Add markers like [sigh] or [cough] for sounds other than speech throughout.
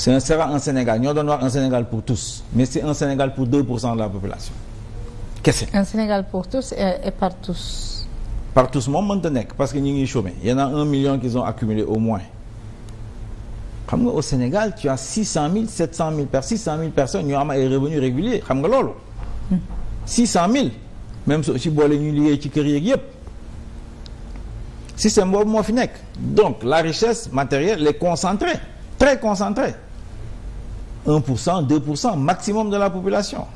ce ne sera un Sénégal ñoo doon wax un Sénégal pour tous mais c'est un Sénégal pour 2 pour cent de la population kese. un Sénégal pour tous et, et par tous. par tous moom mënta nekk parce que ñu ngi chômé y en a un million qu'ils ont accumulé au moins xam nga au Sénégal tu as 600000 700000 per 600000 personnes ñoo am ay revenus réguliers xam nga loolu. 600000 même si aussi boole ñu liggéey ci kër yeeg yépp système boobu moo fi nekk donc la richesse matérielle est concentrée très concentrée. 1 pour cent 2 pour cent maximum de la population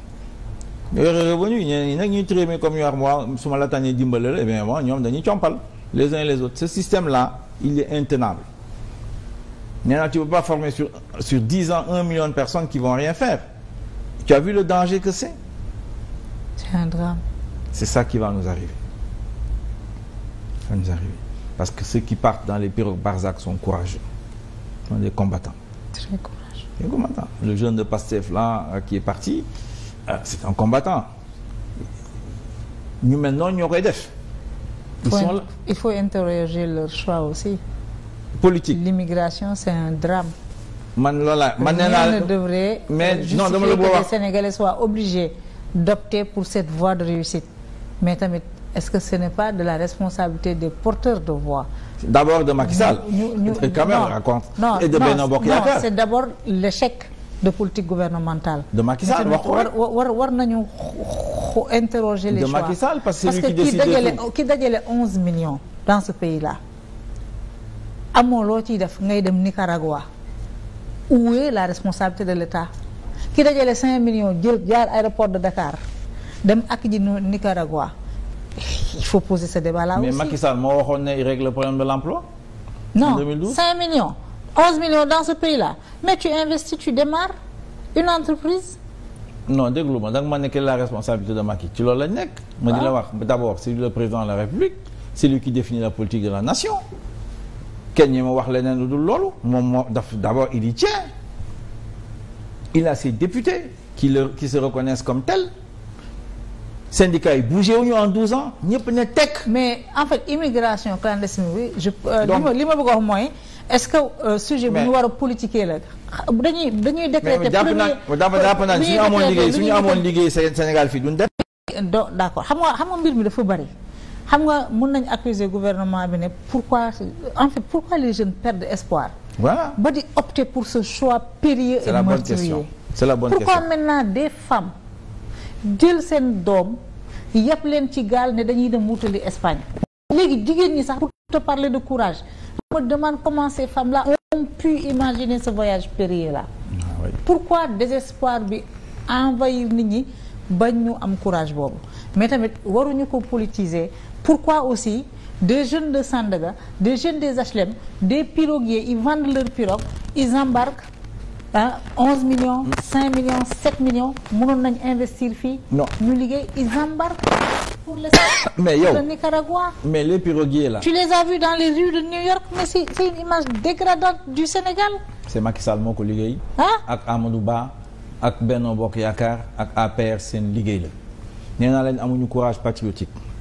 yore revenu ñeneen ñi nag ñuy trémé comme ñu wax moi su ma la tànnee dimbale la eh bien moi ñoom dañuy compal les uns et les autres ce système là il est intenable nee naa tu peux pas former sur sur 10 ans 1 million de personnes qui vont rien faire tu as vu le danger que c'est c'est un drame ça qui va nous arriver va nous qui partent dans les pirogues Barzac sont courageux sont des combattants très courageux des combattants le jeune de Pastef là euh, qui est parti euh, c'est un combattant ñu mel noonu ñoo koy def. il faut interroger leur choix aussi. politique l'immigration c'est un drame. man loola man nee naa ne devrait mais euh, non dama la que les Sénégalais soient obligés d'opter pour cette voie de réussite mais tamit est-ce que ce n'est pas de la responsabilité des porteur de voix. d'abord de Macky non c'est d'abord l'échec de politique gouvernementale. de Macky Sall wax war war nañu interroger de choix de parce que. parce ki dajale ki dajale onze millions dans ce pays là amoo loo ciy def ngay dem Nicaragua où la responsabilité de l'État ki dajale cinq millions jël jaar aéroport de Dakar dem ak ji Nicaragua il faut ce débat là aussi mais Macky moo waxoon ne il règle problème de l'emploi. non cinq 11 millions dans ce pays-là mais tu investis tu démarres une entreprise. non déglu ma da nga ma ne la responsabilité de Macky ci loolu lañ nekk. ma di la ah. wax d'abord c'est l président de la République c'est lui qui définit la politique de la nation. kenn ñi ma wax leneen lu dul loolu moom moo daf d'abord il y tient il a ses députés qui le qui se reconnaissent comme tels. syndicats yi bougé wuñu en 12 ans ñëpp ne tekk. mais en fait immigration clandestine bi je. Euh, li ma li ma bëgg wax mooy. est-ce que euh, sujet bu ñu war a politiquer la dañuy dañuy décréter. premier mais jàpp naa suñu amoon liggéey suñu amoon liggéey Sénégal fii duñ def. do d'accord xam nga xam nga mbir mi dafa bari xam nga mun nañ accuser gouvernement bi ne pourquoi en fait pourquoi les per perdent espoir. voilà ba di opter pour ce choix périlleux et meurtrier. c'est la bonne question pourquoi maintenant des femmes jël seen doom yëpp leen ci gaal ne dañuy dem wutali Espagne. léegi jigéen ñi sax pour te parler de courage. Je me demande comment ces femmes-là ont pu imaginer ce voyage périlleux la Ah, oui. Pourquoi désespoir bi envahir nit ñi bañ ñu am courage boobu mais tamit waruñu ko politiser pourquoi aussi des jeune de Sandaga de jeunes des HLM des piroguiers ils vendent leur pirogue ils embarquent ah 11 millions. 5 millions 7 millions mënoon nañ investir fii. non ñu liggéey ils pour le. [coughs] mais yow pour le Nicaragua. mais les piroguiers la tu les as vus dans les rues de New York mais c'est c'est une image dégradante du Sénégal. c'est Macky Sall moo ko liggéey. ak Amadou Ba ak Benno Bokk Yaakaar ak APR seen liggéey la nee naa leen amuñu courage patriotique.